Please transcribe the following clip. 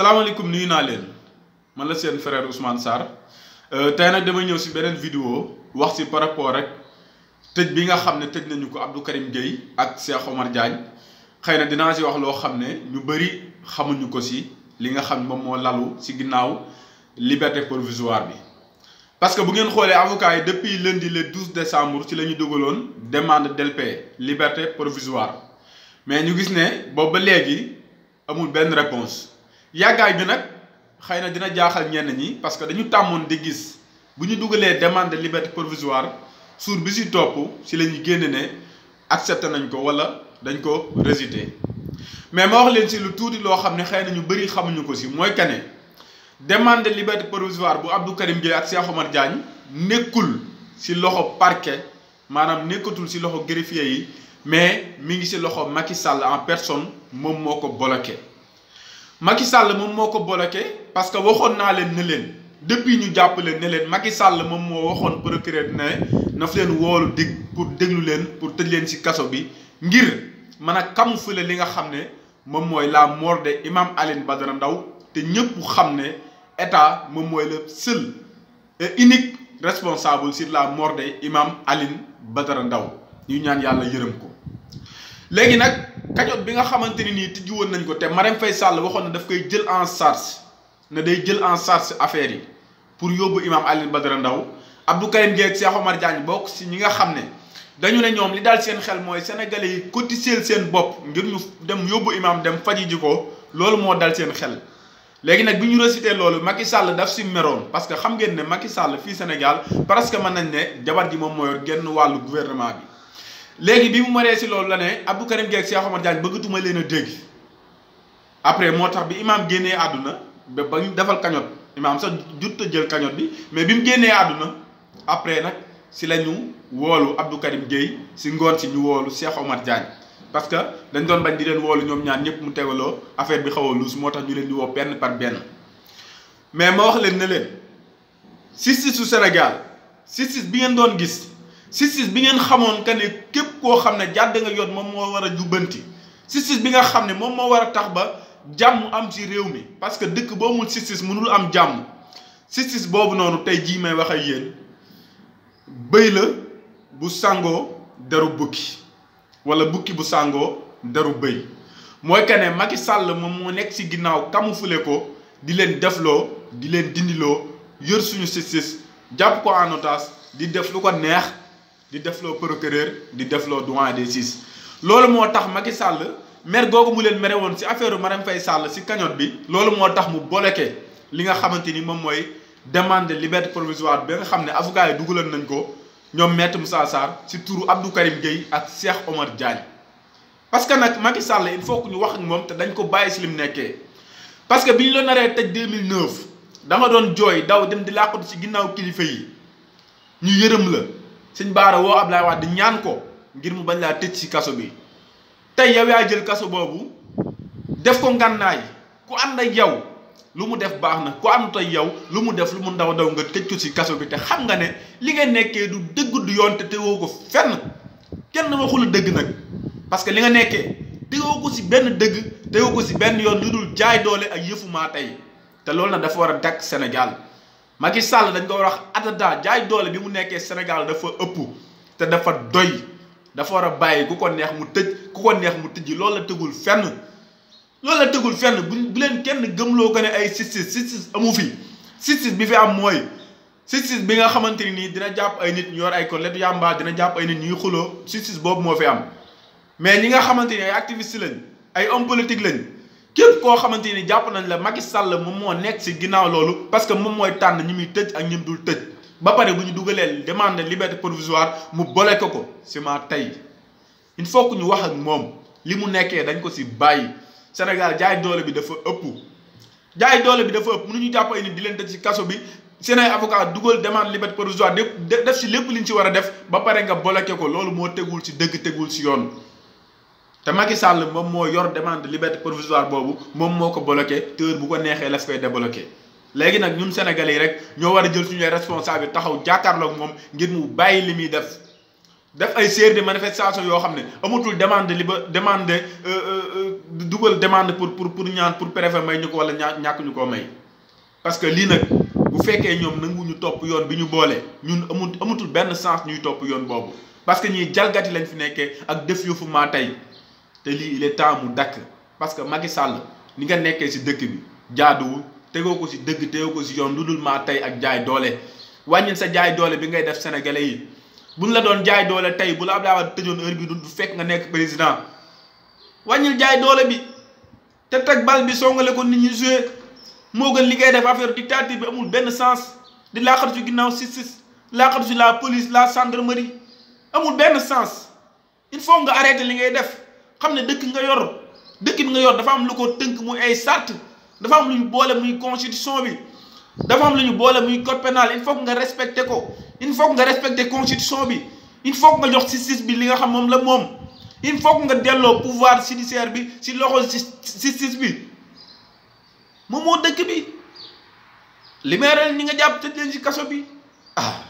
salaamaaleykum nuyu naa leen man la seen frère Ousmane Sarr euh, tey nag dama ñëw si beneen vidéo wax si par rapport rek tëj bi nga xam ne tëj nañu ko Abdou Karim Gueye ak Cheikh Omar Diagne xëy na dinaa si wax loo xam ne ñu bëri xamuñu ko si li nga xam moom moo lalu si ginnaaw liberté provisoire bi. parce que bu ngeen xoolee avocats yi depuis lundi le 12 décembre ci la ñu dugaloon demande d'LP liberté provisoire mais ñu gis ne boobu ba léegi amul benn réponse Y'a bi nak xeyna dina jaaxal ñenn ñi parce que dañu avons di gis bu ont demandé demande de liberté provisoire sur bi si si nous ñu accepté nañ ko wala dañ ko mais ma wax leen si lu nous ne ñu demande de liberté provisoire bu Abdou Karim Gueye ak Cheikh Omar Diagne si loxo parquet manam nekkatul si loxo greffier yi mais mi ngi si loxo Macky en personne Macky Sall moom moo ko bloqué parce que waxoon naa leen ne leen depuis ñu jàppale ne leen Macky Sall moom moo waxoon procureur ne na fi leen woolu digg pour déglu leen pour tëj leen ci kaso bi ngir mën a camoufler li nga xam ne moom mooy la mort de Imam Alioune Badara Ndao te ñëpp xam ne état moom mooy le seul unique responsable sur la mort de Imam Alioune Badara ndaw ñu ñaan yàlla yërëm ko léegi nag. kajoot bi nga xamante ni nii tijji woon nañ ko te Marème fay Sall waxoon na daf koy jël en charge na day jël en charge affaire yi pour yóbbu imam Alioune Badara Ndao Abdou Karim Gueye ak Cheikh Omar Diagne bokk si ñi nga xam ne dañu ne ñoom li daal seen xel mooy sénégalais yi cotiser seen bopp ngir ñu dem yóbbu imam dem faji ji ko loolu moo dal seen xel. léegi nag bi ñu recité loolu Macky sàll daf si meroon parce que xam ngeen ne Macky sàll fii Sénégal presque mën nañ ne jabar ji moom moo yor genn wàllu gouvernement bi. léegi bi mu maree si loolu la ne Abdou Karim Gueye ak Cheikh Omar bëggatuma leen a dégg après moo tax bi imaam génnee àdduna ba ba ñu defal kañoot imaam sax jutta jël kañoot bi mais bi mu génnee àdduna après nag si la ñu woolu Abdou Karim Gueye si ngoon si ñu woolu Cheikh Omar Diagne parce que dañ doon bañ di leen woolu ñoom ñaan ñëpp mu tegaloo affaire bi xaw a luus moo tax ñu leen di woo benn par benn mais ma wax leen ne leen justice su Sénégal justice bi ngeen doon gis Sisis bi ngeen xamone kané ne képp koo xam ne nga yott mom mo wara jubanti sisis bi nga xamné mom mo wara tax ba jamm am ci réew mi parce que dëkk bo mul sisis mënul am jamm sisis bobu nonu tay ji may wax ak yeen bëy la bu sango daru bukki wala bukki bu sango daru bëy moy kané Macky Sall mom mo nek ci ginnaaw camouflé ko di len deflo di len dindilo yeur suñu sisis japp ko en otage di def lu ko neex di def defloo procureur di def defloo doyen des six loolu moo tax Macky sàll mer googu mu leen mere woon si affaire Marème Faye Sall si cagnotte bi loolu moo tax mu bloqué li nga xamante ni moom mooy demande liberté provisoire ba nga xam ne avocat yi dugaloon nañ ko ñoom maître Moussa Sarr si turu Abdou Karim Gueye ak Cheikh Omar Diagne parce que nag Macky Sall il faut que ñu wax ak moom te dañ ko bàyyi si lim nekkee parce que bi ñu la naree tëj 2009 da nga doon jooy daw dem di làqatu si ginnaaw kilifa yi ñu yërëm la sëñ Baara woo Ablaye di ñaan ko ngir mu bañ laa tëj ci kaso bi tey yow yaa jël kaso boobu def ko ngànnaay ku ànd ak yow lu mu def baax na ku àndut ak yow lu mu def lu mu ndaw ndaw nga tëj ko ci kaso bi te xam nga ne li nga nekkee du dëgg du yoon te tegoo ko fenn kenn waxul dëgg nag parce que li nga nekkee tegoo ko ci benn dëgg tegoo ko ci benn yoon lu dul jaay doole ak yëfumaa tey te loolu nag dafa war a dakk Sénégal Macky sàll dañ ko war a wax atata jaay doole bi mu nekkee Sénégal dafa ëpp te dafa doy dafa war a bàyyi ku ko neex mu tëj ku ko neex mu tëj loolu la tëgul fenn loolu la tëgul fenn bu leen kenn gëmloo ko ne ay justice justice amu fi justice bi fi am mooy justice bi nga xamante nii dina jàpp ay nit ñu yor ay collet yàmba dina jàpp ay nit ñuy xuloo justice boobu moo fi am mais ñi nga xamante ni ay activiste lañ ay homme politique lañ képp koo xamante ni jàpp nañ la Macky Sall moom moo nekk si ginnaaw loolu parce que moom mooy tànn ñi muy tëj ak ñi dul tëj ba pare bu ñu dugalee demande liberté provisoire mu bloqué ko si ma tey il faut que ñu wax ak moom li mu nekkee dañ ko si bàyyi Sénégal jaay doole bi dafa ëpp. jaay doole bi dafa ëpp mënuñu jàpp ay nit di leen tëj si kaso bi seen ay avocat dugal demande liberté provisoire def si lépp li ñu ci war a def ba pare nga bloqué ko loolu moo tegul si dëgg tegul si yoon. te Macky Sall moom moo yor demande liberté provisoire boobu moom moo ko bloqué te bu ko neexee la koy débloqué. léegi nag ñun sénégalais yi rek ñoo war a jël suñuy responsable taxaw jàkkaarloog moom ngir mu bàyyi li muy def def ay série de manifestation yoo xam ne amatul demande li ba demande euh, euh, euh, dugal demande pour pour pour ñaan pour préfet may ñu ko wala ñaa ñàkk ñu ko may. parce que lii nag bu fekkee ñoom ñu topp yoon bi ñu boolee ñun amut amatul benn sens ñuy topp yoon boobu parce que ñiy jalgati lañ fi nekkee ak def yu fu maa te lii il est temps mu dakk parce que Macky Sall ni nga nekkee si dëkk bi jaaduwul tegoo ko si dëgg tegoo ko si yoon lu dul maa tey ak jaay doole wàññil sa jaay doole bi ngay def sénégalais yi buñ la doon jaay doole tey bu la Abdoulaye Wade tëjoon heure bi du fekk nga nekk président wàññil jaay doole bi te teg bal bi songale ko nit ñi joué moo gën li ngay def affaire dictature bi amul benn sens di laaxatu si ginnaaw sis sis laaxatu si la police la gendarmerie amul benn sens il faut nga arrêté li ngay def xam ne dëkk nga yor dëkk nga yor dafa am lu ko tënk mu ay sart dafa am lu ñu boole muy constitution bi dafa am lu ñu boole muy code il faut que nga respecté ko il faut que nga respecté constitution bi il faut que nga jox justice bi li nga xam moom la moom il faut que nga delloo pouvoir judiciaire bi si loxo justice bi moom moo dëkk bi limeeral ñi nga jàpp tëj leen ci kaso bi ah